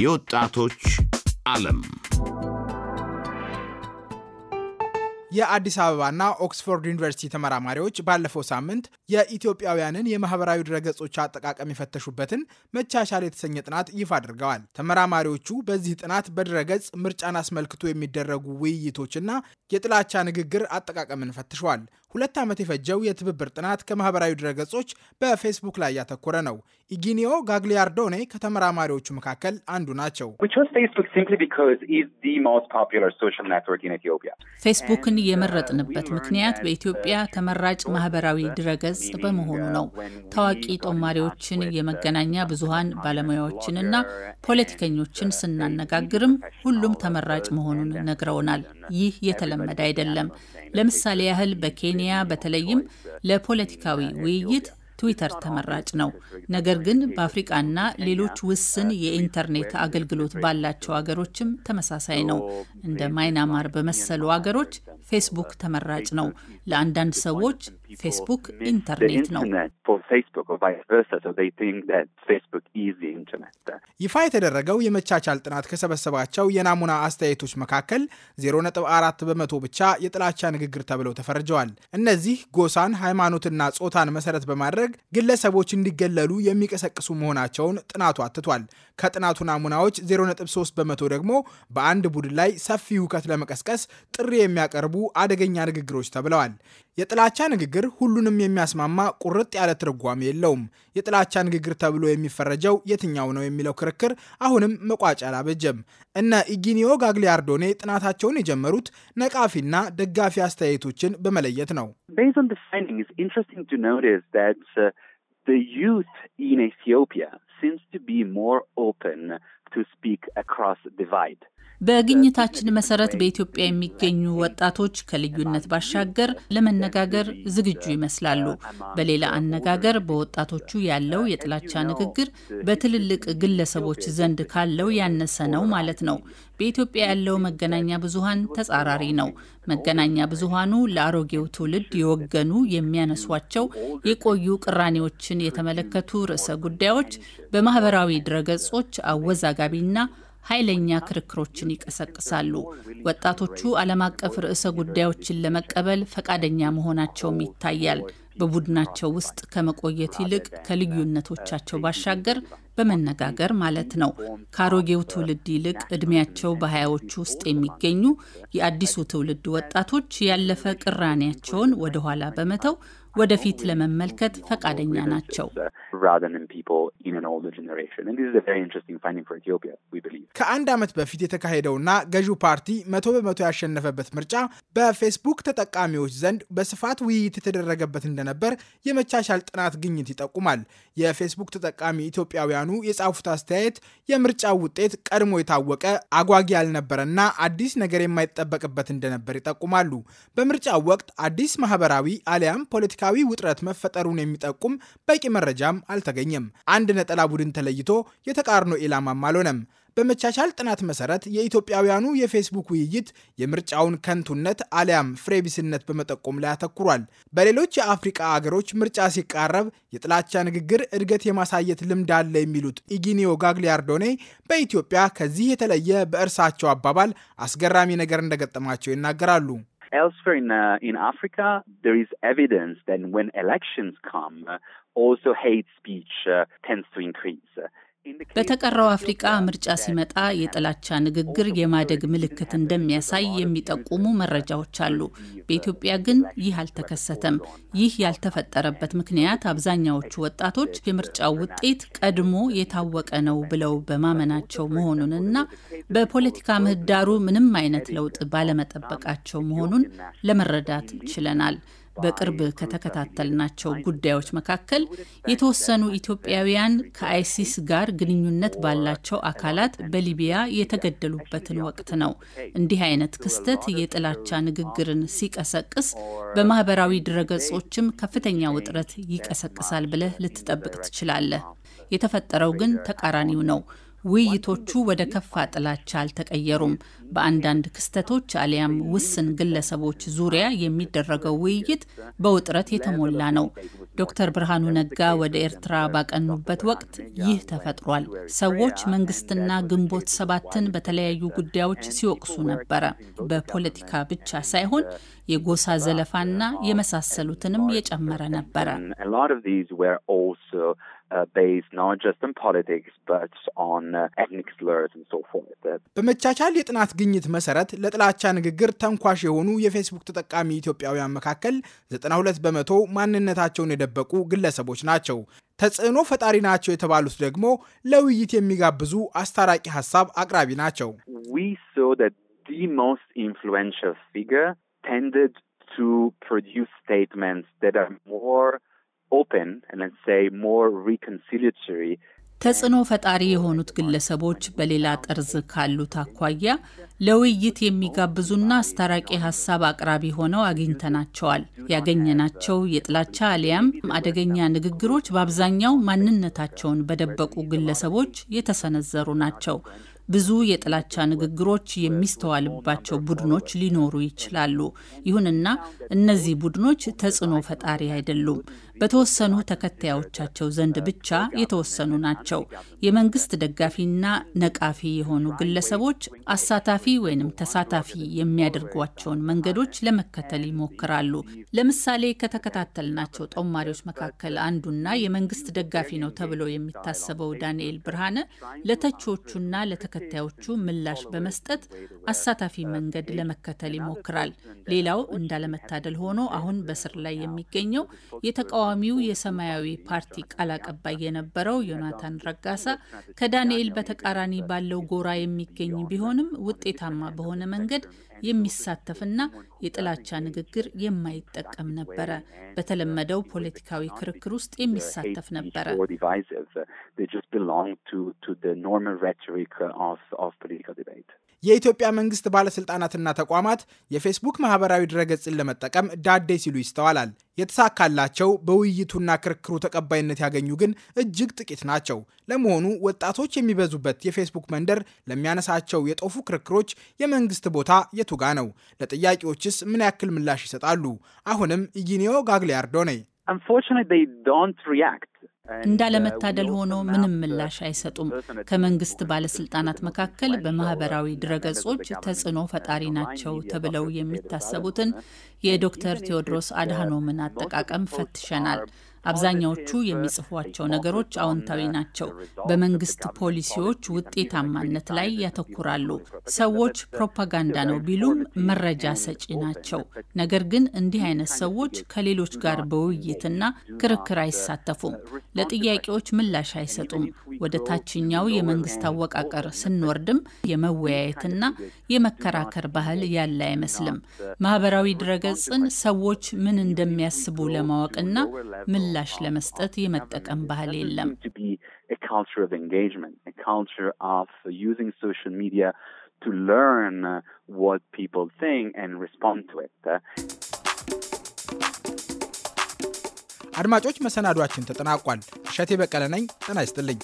የወጣቶች ዓለም የአዲስ አበባና ኦክስፎርድ ዩኒቨርሲቲ ተመራማሪዎች ባለፈው ሳምንት የኢትዮጵያውያንን የማህበራዊ ድረገጾች አጠቃቀም የፈተሹበትን መቻቻል የተሰኘ ጥናት ይፋ አድርገዋል። ተመራማሪዎቹ በዚህ ጥናት በድረገጽ ምርጫን አስመልክቶ የሚደረጉ ውይይቶችና የጥላቻ ንግግር አጠቃቀምን ፈትሸዋል። ሁለት ዓመት የፈጀው የትብብር ጥናት ከማህበራዊ ድረገጾች በፌስቡክ ላይ ያተኮረ ነው። ኢጊኒዮ ጋግሊያርዶኔ ከተመራማሪዎቹ መካከል አንዱ ናቸው። ፌስቡክን የመረጥንበት ምክንያት በኢትዮጵያ ተመራጭ ማህበራዊ ድረገጽ ገጽ በመሆኑ ነው። ታዋቂ ጦማሪዎችን፣ የመገናኛ ብዙኃን ባለሙያዎችንና ፖለቲከኞችን ስናነጋግርም ሁሉም ተመራጭ መሆኑን ነግረውናል። ይህ የተለመደ አይደለም። ለምሳሌ ያህል በኬንያ በተለይም ለፖለቲካዊ ውይይት ትዊተር ተመራጭ ነው። ነገር ግን በአፍሪቃና ሌሎች ውስን የኢንተርኔት አገልግሎት ባላቸው አገሮችም ተመሳሳይ ነው። እንደ ማይናማር በመሰሉ አገሮች ፌስቡክ ተመራጭ ነው። ለአንዳንድ ሰዎች ፌስቡክ ኢንተርኔት ነው። ይፋ የተደረገው የመቻቻል ጥናት ከሰበሰባቸው የናሙና አስተያየቶች መካከል 0.4 በመቶ ብቻ የጥላቻ ንግግር ተብለው ተፈርጀዋል። እነዚህ ጎሳን፣ ሃይማኖትና ጾታን መሰረት በማድረግ ግለሰቦች እንዲገለሉ የሚቀሰቅሱ መሆናቸውን ጥናቱ አትቷል። ከጥናቱ ናሙናዎች 0.3 በመቶ ደግሞ በአንድ ቡድን ላይ ሰፊ ሁከት ለመቀስቀስ ጥሪ የሚያቀርቡ አደገኛ ንግግሮች ተብለዋል። የጥላቻ ንግግር ንግግር ሁሉንም የሚያስማማ ቁርጥ ያለ ትርጓሜ የለውም። የጥላቻ ንግግር ተብሎ የሚፈረጀው የትኛው ነው የሚለው ክርክር አሁንም መቋጫ አላበጀም። እነ ኢጊኒዮ ጋግሊያርዶኔ ጥናታቸውን የጀመሩት ነቃፊና ደጋፊ አስተያየቶችን በመለየት ነው። በግኝታችን መሰረት በኢትዮጵያ የሚገኙ ወጣቶች ከልዩነት ባሻገር ለመነጋገር ዝግጁ ይመስላሉ። በሌላ አነጋገር በወጣቶቹ ያለው የጥላቻ ንግግር በትልልቅ ግለሰቦች ዘንድ ካለው ያነሰ ነው ማለት ነው። በኢትዮጵያ ያለው መገናኛ ብዙሃን ተጻራሪ ነው። መገናኛ ብዙሃኑ ለአሮጌው ትውልድ የወገኑ የሚያነሷቸው የቆዩ ቅራኔዎችን የተመለከቱ ርዕሰ ጉዳዮች በማህበራዊ ድረገጾች አወዛጋቢና ኃይለኛ ክርክሮችን ይቀሰቅሳሉ። ወጣቶቹ ዓለም አቀፍ ርዕሰ ጉዳዮችን ለመቀበል ፈቃደኛ መሆናቸውም ይታያል። በቡድናቸው ውስጥ ከመቆየት ይልቅ ከልዩነቶቻቸው ባሻገር በመነጋገር ማለት ነው። ከአሮጌው ትውልድ ይልቅ እድሜያቸው በሀያዎቹ ውስጥ የሚገኙ የአዲሱ ትውልድ ወጣቶች ያለፈ ቅራኔያቸውን ወደኋላ በመተው ወደፊት ለመመልከት ፈቃደኛ ናቸው። ከአንድ ዓመት በፊት የተካሄደውና ገዢው ፓርቲ መቶ በመቶ ያሸነፈበት ምርጫ በፌስቡክ ተጠቃሚዎች ዘንድ በስፋት ውይይት የተደረገበት እንደነበር የመቻቻል ጥናት ግኝት ይጠቁማል። የፌስቡክ ተጠቃሚ ኢትዮጵያውያኑ የጻፉት አስተያየት የምርጫው ውጤት ቀድሞ የታወቀ አጓጊ ያልነበረና አዲስ ነገር የማይጠበቅበት እንደነበር ይጠቁማሉ። በምርጫው ወቅት አዲስ ማህበራዊ አሊያም ፖለቲካ ፖለቲካዊ ውጥረት መፈጠሩን የሚጠቁም በቂ መረጃም አልተገኘም። አንድ ነጠላ ቡድን ተለይቶ የተቃርኖ ኢላማም አልሆነም። በመቻቻል ጥናት መሰረት የኢትዮጵያውያኑ የፌስቡክ ውይይት የምርጫውን ከንቱነት አሊያም ፍሬቢስነት በመጠቆም ላይ አተኩሯል። በሌሎች የአፍሪቃ አገሮች ምርጫ ሲቃረብ የጥላቻ ንግግር እድገት የማሳየት ልምድ አለ የሚሉት ኢጊኒዮ ጋግሊያርዶኔ በኢትዮጵያ ከዚህ የተለየ በእርሳቸው አባባል አስገራሚ ነገር እንደገጠማቸው ይናገራሉ። elsewhere in, uh, in Africa, there is evidence that when elections come, uh, also hate speech uh, tends to increase. በተቀረው አፍሪቃ ምርጫ ሲመጣ የጥላቻ ንግግር የማደግ ምልክት እንደሚያሳይ የሚጠቁሙ መረጃዎች አሉ። በኢትዮጵያ ግን ይህ አልተከሰተም። ይህ ያልተፈጠረበት ምክንያት አብዛኛዎቹ ወጣቶች የምርጫው ውጤት ቀድሞ የታወቀ ነው ብለው በማመናቸው መሆኑንና በፖለቲካ ምህዳሩ ምንም አይነት ለውጥ ባለመጠበቃቸው መሆኑን ለመረዳት ችለናል። በቅርብ ከተከታተልናቸው ጉዳዮች መካከል የተወሰኑ ኢትዮጵያውያን ከአይሲስ ጋር ግንኙነት ባላቸው አካላት በሊቢያ የተገደሉበትን ወቅት ነው። እንዲህ አይነት ክስተት የጥላቻ ንግግርን ሲቀሰቅስ በማህበራዊ ድረገጾችም ከፍተኛ ውጥረት ይቀሰቅሳል ብለህ ልትጠብቅ ትችላለህ። የተፈጠረው ግን ተቃራኒው ነው። ውይይቶቹ ወደ ከፋ ጥላቻ አልተቀየሩም። በአንዳንድ ክስተቶች አሊያም ውስን ግለሰቦች ዙሪያ የሚደረገው ውይይት በውጥረት የተሞላ ነው። ዶክተር ብርሃኑ ነጋ ወደ ኤርትራ ባቀኑበት ወቅት ይህ ተፈጥሯል። ሰዎች መንግስትና ግንቦት ሰባትን በተለያዩ ጉዳዮች ሲወቅሱ ነበረ። በፖለቲካ ብቻ ሳይሆን የጎሳ ዘለፋና የመሳሰሉትንም የጨመረ ነበረ። based not just on politics but on uh, ethnic slurs and so forth. በመቻቻል የጥናት ግኝት መሰረት ለጥላቻ ንግግር ተንኳሽ የሆኑ የፌስቡክ ተጠቃሚ ኢትዮጵያውያን መካከል 92 በመቶ ማንነታቸውን የደበቁ ግለሰቦች ናቸው። ተጽዕኖ ፈጣሪ ናቸው የተባሉት ደግሞ ለውይይት የሚጋብዙ አስታራቂ ሀሳብ አቅራቢ ናቸው። We saw that the most influential figure tended to produce statements that are more ተጽዕኖ ፈጣሪ የሆኑት ግለሰቦች በሌላ ጠርዝ ካሉት አኳያ ለውይይት የሚጋብዙና አስታራቂ ሀሳብ አቅራቢ ሆነው አግኝተናቸዋል። ያገኘናቸው የጥላቻ አሊያም አደገኛ ንግግሮች በአብዛኛው ማንነታቸውን በደበቁ ግለሰቦች የተሰነዘሩ ናቸው። ብዙ የጥላቻ ንግግሮች የሚስተዋልባቸው ቡድኖች ሊኖሩ ይችላሉ። ይሁንና እነዚህ ቡድኖች ተጽዕኖ ፈጣሪ አይደሉም። በተወሰኑ ተከታዮቻቸው ዘንድ ብቻ የተወሰኑ ናቸው። የመንግስት ደጋፊና ነቃፊ የሆኑ ግለሰቦች አሳታፊ ወይም ተሳታፊ የሚያደርጓቸውን መንገዶች ለመከተል ይሞክራሉ። ለምሳሌ ከተከታተልናቸው ጦማሪዎች መካከል አንዱና የመንግስት ደጋፊ ነው ተብሎ የሚታሰበው ዳንኤል ብርሃነ ለተቺዎቹና ለተከታዮቹ ምላሽ በመስጠት አሳታፊ መንገድ ለመከተል ይሞክራል። ሌላው እንዳለመታደል ሆኖ አሁን በስር ላይ የሚገኘው የተቃዋ ተቃዋሚው የሰማያዊ ፓርቲ ቃል አቀባይ የነበረው ዮናታን ረጋሳ ከዳንኤል በተቃራኒ ባለው ጎራ የሚገኝ ቢሆንም ውጤታማ በሆነ መንገድ የሚሳተፍና የጥላቻ ንግግር የማይጠቀም ነበረ። በተለመደው ፖለቲካዊ ክርክር ውስጥ የሚሳተፍ ነበረ። የኢትዮጵያ መንግስት ባለስልጣናትና ተቋማት የፌስቡክ ማህበራዊ ድረገጽን ለመጠቀም ዳዴ ሲሉ ይስተዋላል። የተሳካላቸው በውይይቱና ክርክሩ ተቀባይነት ያገኙ ግን እጅግ ጥቂት ናቸው። ለመሆኑ ወጣቶች የሚበዙበት የፌስቡክ መንደር ለሚያነሳቸው የጦፉ ክርክሮች የመንግስት ቦታ የቱጋ ነው? ለጥያቄዎችስ ምን ያክል ምላሽ ይሰጣሉ? አሁንም ኢጊኒዮ ጋግሊያርዶ ነኝ። Uh, እንዳለመታደል ሆኖ ምንም uh, ምላሽ አይሰጡም። ከመንግስት ባለስልጣናት መካከል በማህበራዊ uh, ድረገጾች ተጽዕኖ ፈጣሪ ናቸው ተብለው የሚታሰቡትን የዶክተር ቴዎድሮስ አድሃኖምን አጠቃቀም ፈትሸናል። አብዛኛዎቹ uh, የሚጽፏቸው ነገሮች አዎንታዊ uh, ናቸው። በመንግስት ፖሊሲዎች ውጤታማነት ላይ uh, ያተኩራሉ። ሰዎች ፕሮፓጋንዳ ነው ቢሉም መረጃ ሰጪ ናቸው። ነገር ግን እንዲህ አይነት ሰዎች ከሌሎች ጋር በውይይትና ክርክር አይሳተፉም። ለጥያቄዎች ምላሽ አይሰጡም። ወደ ታችኛው የመንግስት አወቃቀር ስንወርድም የመወያየትና የመከራከር ባህል ያለ አይመስልም። ማህበራዊ ድረገጽን ሰዎች ምን እንደሚያስቡ ለማወቅና ምን ምላሽ ለመስጠት የመጠቀም ባህል የለም። አድማጮች፣ መሰናዷችን ተጠናቋል። እሸቴ በቀለ ነኝ። ጤና ይስጥልኝ።